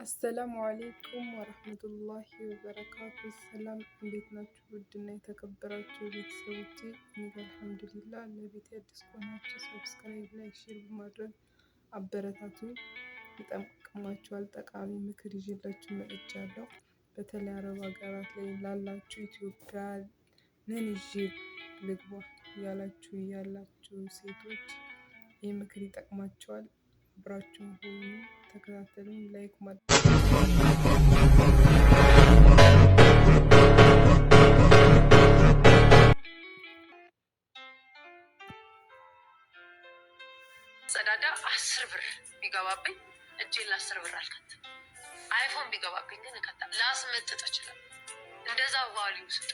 አሰላሙ አሌይኩም ወረህመቱላሂ ወበረካቱ። ሰላም እንዴት ናችሁ? ውድና የተከበራችሁ ቤተሰቦች እኔ አልሐምዱሊላ። ለቤት አዲስ ከሆናችሁ ሰብስክራይብ፣ ላይክ፣ ሼር በማድረግ አበረታቱ። ይጠቅማችኋል። ጠቃሚ ምክር ይዤላችሁ መጥቻለሁ። በተለይ አረብ ሀገራት ላይ ላላችሁ ኢትዮጵያ ምን ይዤ ልግባ ያላችሁ ያላችሁ ሴቶች ይህ ምክር ይጠቅማቸዋል። አብራችሁ ሆኑ፣ ተከታተሉ፣ ላይክ ጸዳዳ አስር ብር ቢገባብኝ እጄን ለአስር ብር አልከትም። አይፎን ቢገባብኝ ግን እከታ ላስመጥጥ ይችላል። እንደዛ ቫሊዩ ስጥ።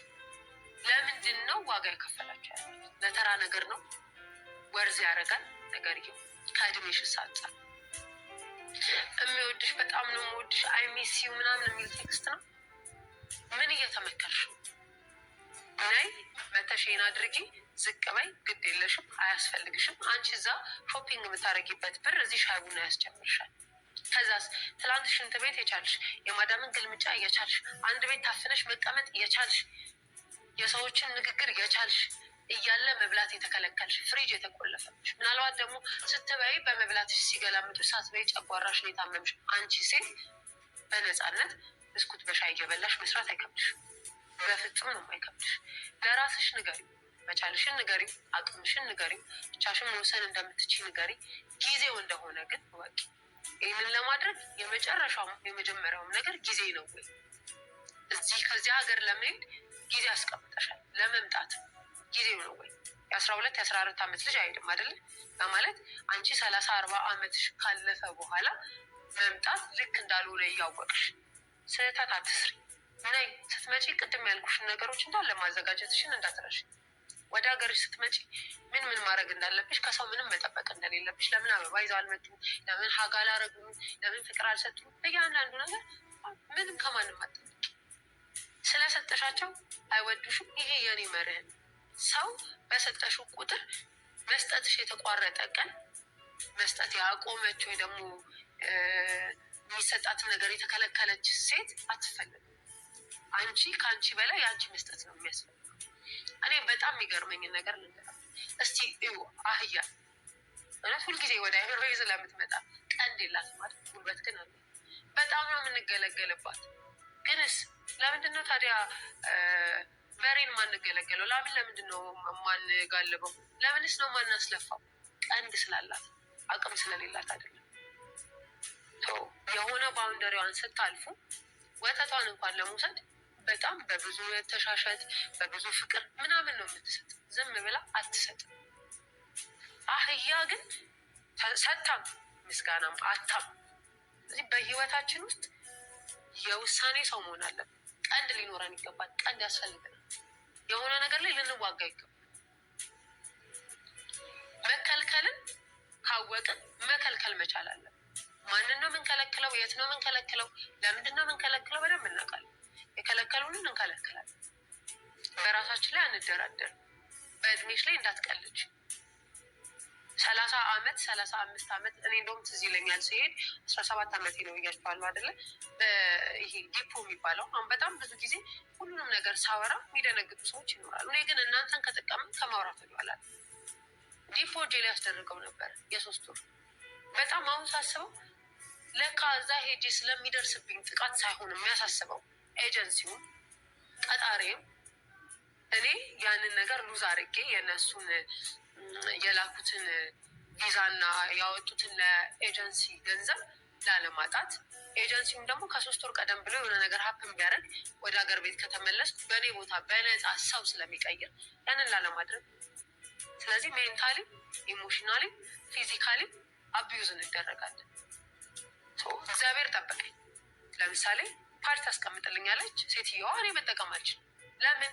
ለምንድን ነው ዋጋ የከፈላቸው? ለተራ ነገር ነው። ወርዝ ያደርጋል ነገር ይኸው ከእድሜሽ ሳጻ የሚወድሽ በጣም ነው የምወድሽ አይ ሚስ ዩ ምናምን የሚል ቴክስት ነው። ምን እየተመከርሽ ናይ መተሽን አድርጊ፣ ዝቅ በይ፣ ግድ የለሽም፣ አያስፈልግሽም። አንቺ እዛ ሾፒንግ የምታደርጊበት ብር እዚህ ሻይ ቡና ያስጨምርሻል። ከዛስ ትላንት ሽንት ቤት የቻልሽ የማዳምን ግልምጫ የቻልሽ አንድ ቤት ታፍነሽ መቀመጥ የቻልሽ የሰዎችን ንግግር የቻልሽ እያለ መብላት የተከለከልሽ ፍሪጅ የተቆለፈብሽ፣ ምናልባት ደግሞ ስትበይ በመብላትሽ ሲገላምጡ በይ ጨጓራሽ ነው የታመምሽ። አንቺ ሴት በነፃነት ብስኩት በሻይ እየበላሽ መስራት አይከብድሽ፣ በፍጹም ነው አይከብድሽ። ለራስሽ ንገሪ፣ መቻልሽን ንገሪ፣ አቅምሽን ንገሪ፣ ብቻሽን መውሰን እንደምትችይ ንገሪ። ጊዜው እንደሆነ ግን ወቂ። ይህንን ለማድረግ የመጨረሻውም የመጀመሪያውም ነገር ጊዜ ነው ወይ እዚህ ከዚያ ሀገር ለመሄድ ጊዜ አስቀምጠሻል ለመምጣት ጊዜው ነው ወይ? የአስራ ሁለት የአስራ አራት ዓመት ልጅ አይሄድም አይደለ? ማለት አንቺ ሰላሳ አርባ ዓመትሽ ካለፈ በኋላ መምጣት ልክ እንዳልሆነ እያወቅሽ ስህተት አትስሪ። ናይ ስትመጪ ቅድም ያልኩሽን ነገሮች እንዳለ ማዘጋጀትሽን እንዳትረሽ። ወደ ሀገርሽ ስትመጪ ምን ምን ማድረግ እንዳለብሽ፣ ከሰው ምንም መጠበቅ እንደሌለብሽ፣ ለምን አበባ ይዘው አልመጡም፣ ለምን ሀጋ አላረጉም፣ ለምን ፍቅር አልሰጡም፣ እያንዳንዱ ነገር ምንም ከማንም አጠብቂ። ስለሰጠሻቸው አይወዱሽም። ይሄ የኔ መርህን ሰው በሰጠሹ ቁጥር መስጠትሽ የተቋረጠ ቀን መስጠት ያቆመች ወይ ደግሞ የሚሰጣትን ነገር የተከለከለች ሴት አትፈልግም። አንቺ ከአንቺ በላይ የአንቺ መስጠት ነው የሚያስፈልገው። እኔ በጣም የሚገርመኝን ነገር ልንገራ እስቲ እዩ። አህያ እውነት ሁልጊዜ ወደ አይምሮ ስለምትመጣ ቀንድ የላት ማለት ጉልበት ግን አለ። በጣም ነው የምንገለገልባት። ግንስ ለምንድነው ታዲያ በሬን ማንገለገለው? ላምን ለምንድን ነው ማንጋልበው? ለምንስ ነው ማናስለፋው? ቀንድ ስላላት አቅም ስለሌላት አይደለም። የሆነ ባውንደሪዋን ስታልፉ ወተቷን እንኳን ለመውሰድ በጣም በብዙ ተሻሸት በብዙ ፍቅር ምናምን ነው የምትሰጥ። ዝም ብላ አትሰጥም። አህያ ግን ሰታም ምስጋናም አታም። እዚህ በህይወታችን ውስጥ የውሳኔ ሰው መሆን አለብን። ቀንድ ሊኖረን ይገባል። ቀንድ ያስፈልገናል። የሆነ ነገር ላይ ልንዋጋ ይገባል። መከልከልን ካወቅን መከልከል መቻል አለን። ማንን ነው የምንከለክለው? የት ነው የምንከለክለው? ለምንድን ነው የምንከለክለው? በደንብ እናውቃለን። የከለከሉንን እንከለክላለን። በራሳችን ላይ አንደራደር። በእድሜሽ ላይ እንዳትቀልጅ ሰላሳ አመት ሰላሳ አምስት አመት እኔ እንደውም ትዝ ይለኛል ሲሄድ አስራ ሰባት አመት ነው እያልኳለሁ አደለ ይሄ ዲፖ የሚባለው አሁን በጣም ብዙ ጊዜ ነገር ሳወራ የሚደነግጡ ሰዎች ይኖራሉ። እኔ ግን እናንተን ከጠቀምን ከማውራት ይባላል ዲፎርጅ ላይ ያስደረገው ነበር የሶስት ወር በጣም አሁን ሳስበው ለካ እዛ ሄጄ ስለሚደርስብኝ ጥቃት ሳይሆን የሚያሳስበው ኤጀንሲውን ቀጣሪም እኔ ያንን ነገር ሉዝ አድርጌ የእነሱን የላኩትን ቪዛና ያወጡትን ለኤጀንሲ ገንዘብ ላለማጣት ኤጀንሲውም ደግሞ ከሶስት ወር ቀደም ብሎ የሆነ ነገር ሀፕን ቢያደርግ ወደ ሀገር ቤት ከተመለስ በእኔ ቦታ በነፃ ሰው ስለሚቀይር ያንን ላለማድረግ ስለዚህ ሜንታሊ፣ ኢሞሽናሊ፣ ፊዚካሊ አቢዩዝ እንደረጋለን። እግዚአብሔር ጠበቀኝ። ለምሳሌ ፓርቲ አስቀምጥልኛለች ሴትዮዋ፣ እኔ መጠቀም አልችል ለምን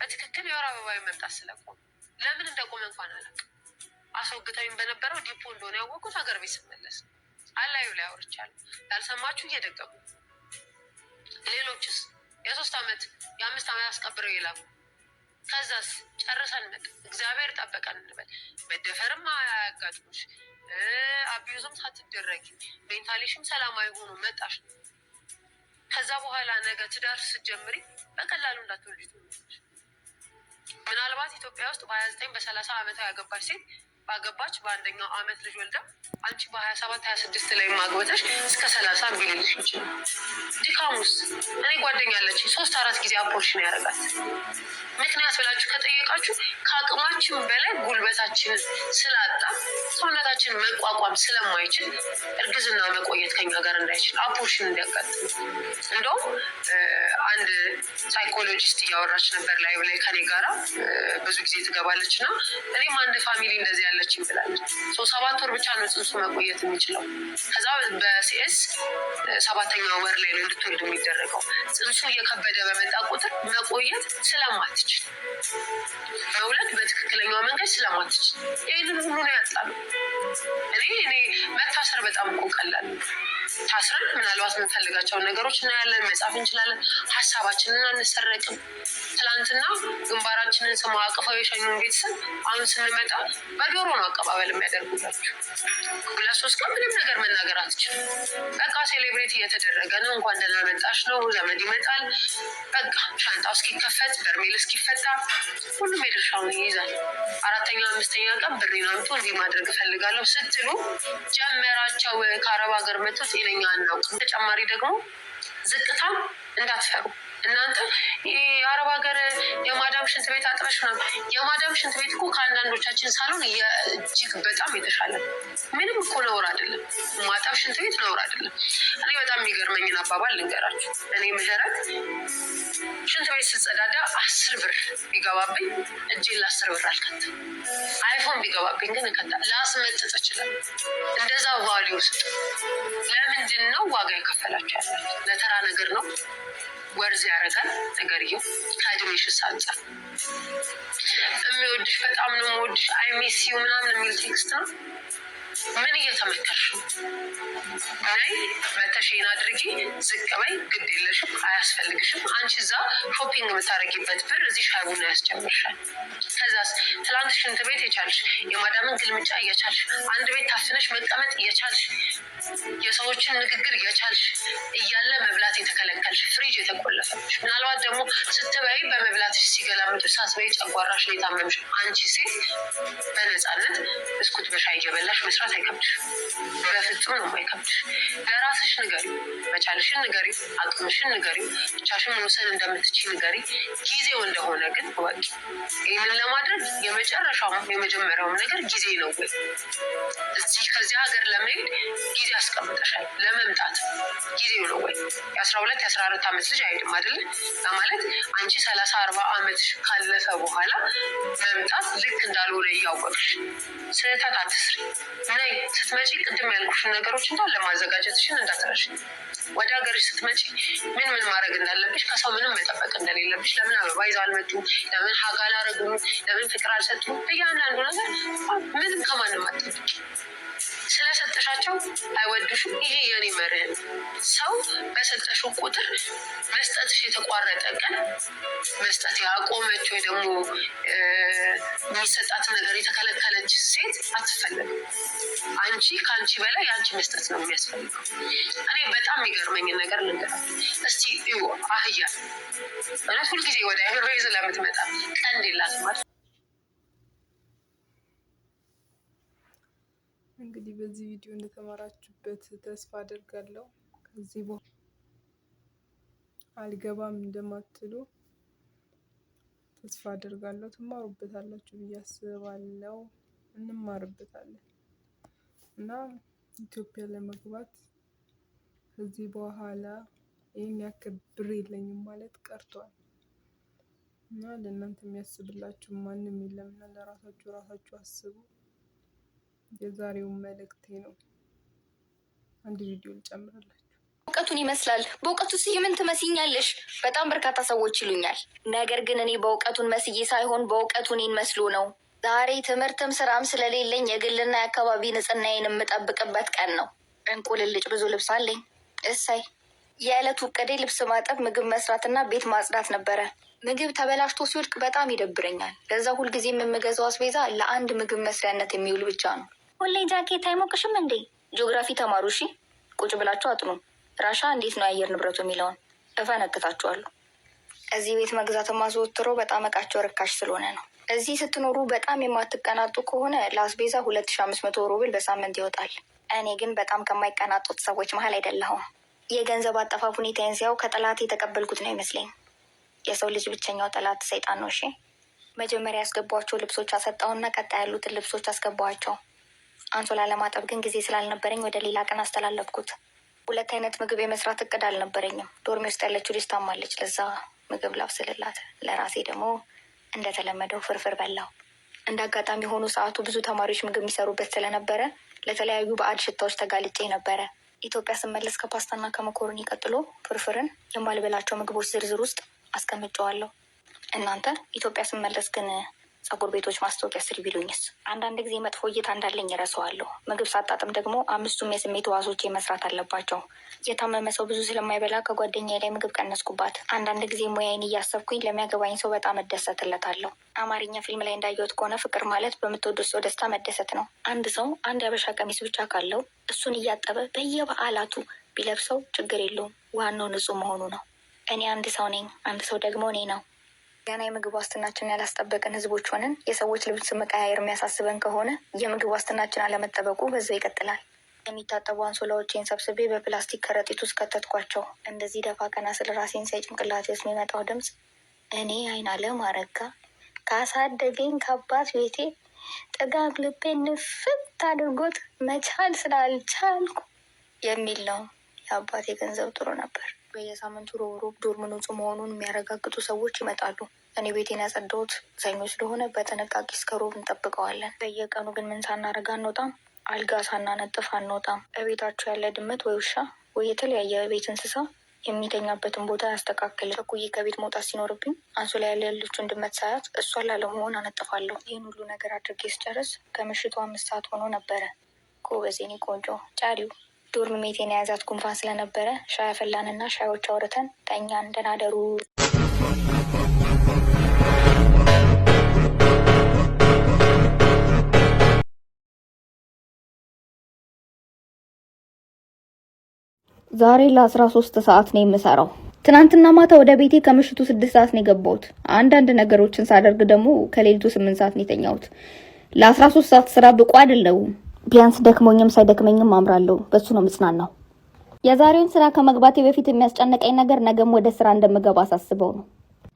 በትክክል የወር አበባዊ መምጣት ስለቆመ ለምን እንደቆመ እንኳን አላውቅም። አስወግታዊም በነበረው ዲፖ እንደሆነ ያወቁት ሀገር ቤት ስመለስ አላዩ ላይ አውርቻለሁ። ያልሰማችሁ እየደገሙ ሌሎችስ የሶስት ዓመት የአምስት ዓመት አስቀብረው የላኩ ከዛስ ጨርሰን መጥ እግዚአብሔር ጠበቀን እንበል። መደፈርም አያጋጥሞሽ፣ አቢዩዝም ሳትደረጊ ሜንታሊሽም ሰላማዊ ሆኖ መጣሽ። ከዛ በኋላ ነገ ትዳር ስትጀምሪ በቀላሉ እንዳትወልጅ ምናልባት ኢትዮጵያ ውስጥ በሀያ ዘጠኝ በሰላሳ ዓመታዊ ያገባች ሴት ባገባች በአንደኛው አመት ልጅ ወልዳ አንቺ በሀያ ሰባት ሀያ ስድስት ላይ ማግበተሽ እስከ ሰላሳ ቢልልሽ ይችል ድካሙስ። እኔ ጓደኛ አለች ሶስት አራት ጊዜ አፖርሽን ያደርጋት ምክንያት ብላችሁ ከጠየቃችሁ ከአቅማችን በላይ ጉልበታችንን ስላጣ ሰውነታችን መቋቋም ስለማይችል እርግዝና መቆየት ከኛ ጋር እንዳይችል አፖርሽን እንዲያጋጥም እንደውም አንድ ሳይኮሎጂስት እያወራች ነበር ላይ ላይ ከኔ ጋራ ብዙ ጊዜ ትገባለች እና እኔም አንድ ፋሚሊ እንደዚህ ያለች ብላለች። ሰባት ወር ብቻ ነው ጽንሱ መቆየት የሚችለው። ከዛ በሲኤስ ሰባተኛ ወር ላይ ነው እንድትወልድ የሚደረገው። ጽንሱ እየከበደ በመጣ ቁጥር መቆየት ስለማትችል መውለድ በትክክለኛው መንገድ ስለማትችል ይህንን ሁሉ ነው ያጣሉ። እኔ እኔ መታሰር በጣም እኮ ቀላል ታስረን ምናልባት የምንፈልጋቸውን ነገሮች እናያለን፣ መጻፍ እንችላለን። ሀሳባችንን አንሰረቅም። ትላንትና ግንባራችንን ስማ አቅፈው የሸኙን ቤተሰብ አሁን ስንመጣ በዶሮ ነው አቀባበል የሚያደርጉላቸው። ሁለት ሶስት ቀን ምንም ነገር መናገር አትችልም። በቃ ሴሌብሬት እየተደረገ ነው፣ እንኳን ደህና መጣሽ ነው። ዘመድ ይመጣል። በቃ ሻንጣው እስኪከፈት በርሜል እስኪፈታ ሁሉም የድርሻውን ይይዛል። አራተኛ አምስተኛ ቀን ብሬን አምጡ እንዲህ ማድረግ እፈልጋለሁ ስትሉ ጀመራቸው ከአረብ ሀገር መጥቶት ትክክለኛ አናውቅ። ተጨማሪ ደግሞ ዝቅታ እንዳትፈሩ እናንተ የአረብ ሀገር የማዳም ሽንት ቤት አጥበሽ ነው። የማዳም ሽንት ቤት እኮ ከአንዳንዶቻችን ሳሎን እጅግ በጣም የተሻለ ምንም እኮ ነውር አይደለም። ማጠብ ሽንት ቤት ነውር አይደለም። እኔ በጣም የሚገርመኝን አባባል ልንገራችሁ። እኔ ምህረት ሽንት ቤት ስጸዳዳ አስር ብር ቢገባብኝ እጄን ለአስር ብር አልከትም። አይፎን ቢገባብኝ ግን እከታ ላስመጥጥ ይችላል። እንደዛ ቫሊዩ ስጥ። ለምንድን ነው ዋጋ የከፈላችሁ ያለ ለተራ ነገር ነው ወርዝ ያደርጋል። ነገርየው ከእድሜሽ አንጻር የሚወድሽ በጣም ነው የምወድሽ አይሚስ ዩ ምናምን የሚል ቴክስት ነው ምን እየተመከርሽ አይ መተሽን አድርጊ፣ ዝቅ በይ፣ ግድ የለሽም፣ አያስፈልግሽም። አንቺ እዛ ሾፒንግ የምታደርጊበት ብር እዚህ ሻይ ቡና ያስጨምርሻል። ከዛስ ትላንት ሽንት ቤት የቻልሽ የማዳምን ግልምጫ እየቻልሽ አንድ ቤት ታፍነሽ መቀመጥ እየቻልሽ የሰዎችን ንግግር እየቻልሽ እያለ መብላት የተከለከልሽ ፍሪጅ የተቆለፈች ምናልባት ደግሞ ስትበይ በመብላትሽ ሲገላምጡ ሳትበይ ጨጓራሽ የታመምሽ አንቺ ሴት በነፃነት ብስኩት በሻይ እየበላሽ መስራት ትእዛዝ አይከብድሽ፣ በፍጹም ነው አይከብድሽ። ለራስሽ ንገሪ፣ መቻልሽን ንገሪ፣ አቅምሽን ንገሪ፣ ብቻሽን መውሰን እንደምትች ንገሪ። ጊዜው እንደሆነ ግን ወቂ። ይህንን ለማድረግ የመጨረሻውም የመጀመሪያውም ነገር ጊዜ ነው ወይ እዚህ ከዚህ ሀገር ለመሄድ ጊዜ ያስቀምጠሻል። ለመምጣት ጊዜ ነው ወይ የአስራ ሁለት የአስራ አራት ዓመት ልጅ አይሄድም አይደለ? ማለት አንቺ ሰላሳ አርባ ዓመት ካለፈ በኋላ መምጣት ልክ እንዳልሆነ እያወቅሽ ስህተት አትስሪ። ናይ ስትመጪ ቅድም ያልኩሽን ነገሮች እንኳን ለማዘጋጀትሽን እንዳትረሽ። ወደ ሀገርሽ ስትመጪ ምን ምን ማድረግ እንዳለብሽ፣ ከሰው ምንም መጠበቅ እንደሌለብሽ፣ ለምን አበባ ይዘው አልመጡም፣ ለምን ሀጋ አላረጉም፣ ለምን ፍቅር አልሰጡም፣ እያንዳንዱ ነገር ምንም ከማንም አትጠብቂ። ስለሰጠሻቸው አይወድሽም። ይሄ የኔ መርህ ሰው በሰጠሽው ቁጥር መስጠትሽ የተቋረጠ ቀን መስጠት ያቆመች ወይ ደግሞ የሚሰጣት ነገር የተከለከለች ሴት አትፈለግም። አንቺ ከአንቺ በላይ የአንቺ መስጠት ነው የሚያስፈልገው። እኔ በጣም የሚገርመኝ ነገር ልንገር እስቲ አህያ እውነት ሁልጊዜ ወደ አይሮ ስለምትመጣ ቀንድ የላት እንግዲህ በዚህ ቪዲዮ እንደተማራችሁበት ተስፋ አደርጋለሁ። ከዚህ በኋላ አልገባም እንደማትሉ ተስፋ አደርጋለሁ። ትማሩበታላችሁ ብዬ አስባለሁ። እንማርበታለን እና ኢትዮጵያ ለመግባት ከዚህ በኋላ ይህን ያክል ብር የለኝም ማለት ቀርቷል እና ለእናንተ የሚያስብላችሁ ማንም የለምና ለራሳችሁ ራሳችሁ አስቡ። የዛሬው መልእክቴ ነው። አንድ ቪዲዮ ልጨምርላችሁ። እውቀቱን ይመስላል። በእውቀቱ ስዬ ምን ትመስኛለሽ? በጣም በርካታ ሰዎች ይሉኛል። ነገር ግን እኔ በእውቀቱን መስዬ ሳይሆን በእውቀቱ እኔን መስሎ ነው። ዛሬ ትምህርትም ስራም ስለሌለኝ የግልና የአካባቢ ንጽህናዬን የምጠብቅበት ቀን ነው። እንቁልልጭ ብዙ ልብስ አለኝ። እሰይ የዕለቱ እቅዴ ልብስ ማጠብ፣ ምግብ መስራትና ቤት ማጽዳት ነበረ። ምግብ ተበላሽቶ ሲወድቅ በጣም ይደብረኛል። ለዛ ሁልጊዜ የምገዛው አስቤዛ ለአንድ ምግብ መስሪያነት የሚውል ብቻ ነው። ሁሌ ጃኬት አይሞቅሽም እንዴ? ጂኦግራፊ ተማሩ እሺ። ቁጭ ብላችሁ አጥኑ። ራሻ እንዴት ነው የአየር ንብረቱ የሚለውን እፈነክታችኋለሁ። እዚህ ቤት መግዛት ማስወትሮ በጣም እቃቸው ርካሽ ስለሆነ ነው። እዚህ ስትኖሩ በጣም የማትቀናጡ ከሆነ ላስቤዛ ሁለት ሺ አምስት መቶ ሩብል በሳምንት ይወጣል። እኔ ግን በጣም ከማይቀናጡት ሰዎች መሀል አይደለሁም። የገንዘብ አጠፋፍ ሁኔታዬን ሲያው ከጠላት የተቀበልኩት ነው ይመስለኝ። የሰው ልጅ ብቸኛው ጠላት ሰይጣን ነው። እሺ መጀመሪያ ያስገቧቸው ልብሶች አሰጣውና ቀጣ ያሉትን ልብሶች አስገቧቸው። አንሶላ ለማጠብ ግን ጊዜ ስላልነበረኝ ወደ ሌላ ቀን አስተላለፍኩት። ሁለት አይነት ምግብ የመስራት እቅድ አልነበረኝም። ዶርሜ ውስጥ ያለችው ልጅ ታማለች። ለዛ ምግብ ላብስልላት፣ ለራሴ ደግሞ እንደተለመደው ፍርፍር በላው። እንደ አጋጣሚ የሆኑ ሰዓቱ ብዙ ተማሪዎች ምግብ የሚሰሩበት ስለነበረ ለተለያዩ ባዕድ ሽታዎች ተጋልጬ ነበረ። ኢትዮጵያ ስመለስ ከፓስታና ከመኮሮኒ ቀጥሎ ፍርፍርን የማልበላቸው ምግቦች ዝርዝር ውስጥ አስቀምጨዋለሁ። እናንተ ኢትዮጵያ ስመለስ ግን ጸጉር ቤቶች ማስታወቂያ ስር ቢሉኝስ? አንዳንድ ጊዜ መጥፎ እይታ እንዳለኝ ረሳዋለሁ። ምግብ ሳጣጥም ደግሞ አምስቱም የስሜት ሕዋሶቼ መስራት አለባቸው። የታመመ ሰው ብዙ ስለማይበላ ከጓደኛዬ ላይ ምግብ ቀነስኩባት። አንዳንድ ጊዜ ሙያዬን እያሰብኩኝ ለሚያገባኝ ሰው በጣም እደሰትለታለሁ። አማርኛ ፊልም ላይ እንዳየሁት ከሆነ ፍቅር ማለት በምትወዱት ሰው ደስታ መደሰት ነው። አንድ ሰው አንድ ያበሻ ቀሚስ ብቻ ካለው እሱን እያጠበ በየበዓላቱ ቢለብሰው ችግር የለውም። ዋናው ንጹህ መሆኑ ነው። እኔ አንድ ሰው ነኝ፣ አንድ ሰው ደግሞ እኔ ነው። ገና የምግብ ዋስትናችንን ያላስጠበቅን ህዝቦች ሆነን የሰዎች ልብስ መቀያየር የሚያሳስበን ከሆነ የምግብ ዋስትናችን አለመጠበቁ በዛው ይቀጥላል። የሚታጠቡ አንሶላዎችን ሰብስቤ በፕላስቲክ ከረጢት ውስጥ ከተትኳቸው። እንደዚህ ደፋ ቀና ስለ ራሴን ሳይ ጭንቅላቴ ውስጥ የሚመጣው ድምፅ እኔ አይን አለም አረጋ ካሳደገኝ ከአባት ቤቴ ጥጋብ ልቤ ንፍት አድርጎት መቻል ስላልቻልኩ የሚል ነው። የአባቴ ገንዘብ ጥሩ ነበር። በየሳምንቱ ሮብሮብ ዶርም ንጹህ መሆኑን የሚያረጋግጡ ሰዎች ይመጣሉ። እኔ ቤቴን ያጸዳሁት ሰኞ ስለሆነ በጥንቃቄ እስከ ሮብ እንጠብቀዋለን። በየቀኑ ግን ምን ሳናረግ አንወጣም። አልጋ ሳናነጥፍ አንወጣም። እቤታቸው ያለ ድመት ወይ ውሻ ወይ የተለያየ የቤት እንስሳ የሚተኛበትን ቦታ ያስተካክል። ቸኩዬ ከቤት መውጣት ሲኖርብኝ አንሶላ ላይ ያለችውን ድመት ሳያት እሷ ላለመሆን አነጥፋለሁ። ይህን ሁሉ ነገር አድርጌ ስጨርስ ከምሽቱ አምስት ሰዓት ሆኖ ነበረ። ጎበዝ የኔ ቆንጆ ጫሪው ዶርም ሜቴን የያዛት ጉንፋን ስለነበረ ሻይ አፈላንና ሻዮች አውርተን ተኛ። እንደናደሩ ዛሬ ለአስራ ሶስት ሰዓት ነው የምሰራው። ትናንትና ማታ ወደ ቤቴ ከምሽቱ ስድስት ሰዓት ነው የገባሁት። አንዳንድ ነገሮችን ሳደርግ ደግሞ ከሌሊቱ ስምንት ሰዓት ነው የተኛሁት ለአስራ ሶስት ሰዓት ስራ ብቁ አይደለሁም። ቢያንስ ደክሞኝም ሳይደክመኝም አምራለሁ። በሱ ነው ምጽናናው። የዛሬውን ስራ ከመግባቴ በፊት የሚያስጨነቀኝ ነገር ነገም ወደ ስራ እንደምገባ አሳስበው ነው።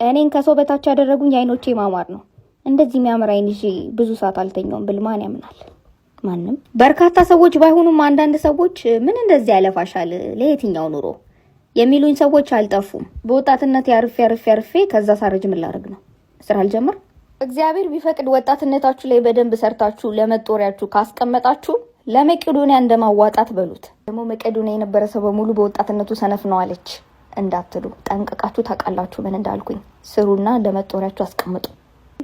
እኔን ከሰው በታች ያደረጉኝ የአይኖቼ ማማር ነው። እንደዚህ የሚያምር አይን ይዤ ብዙ ሰዓት አልተኛውም ብል ማን ያምናል? ማንም። በርካታ ሰዎች ባይሆኑም አንዳንድ ሰዎች ምን እንደዚህ ያለፋሻል፣ ለየትኛው ኑሮ የሚሉኝ ሰዎች አልጠፉም። በወጣትነት ያርፌ ያርፌ ያርፌ ከዛ ሳረጅ ምን ላደርግ ነው? ስራ አልጀምር እግዚአብሔር ቢፈቅድ ወጣትነታችሁ ላይ በደንብ ሰርታችሁ ለመጦሪያችሁ ካስቀመጣችሁ ለመቄዶንያ እንደማዋጣት በሉት። ደግሞ መቄዶንያ የነበረ ሰው በሙሉ በወጣትነቱ ሰነፍ ነው አለች እንዳትሉ፣ ጠንቅቃችሁ ታውቃላችሁ ምን እንዳልኩኝ። ስሩና ለመጦሪያችሁ አስቀምጡ።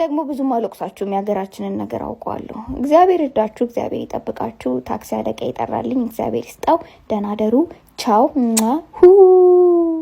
ደግሞ ብዙም አልወቅሳችሁም። የሀገራችንን ነገር አውቀዋለሁ። እግዚአብሔር እርዳችሁ፣ እግዚአብሔር ይጠብቃችሁ። ታክሲ አለቃ ይጠራልኝ፣ እግዚአብሔር ይስጠው። ደህና ደሩ። ቻው ሁ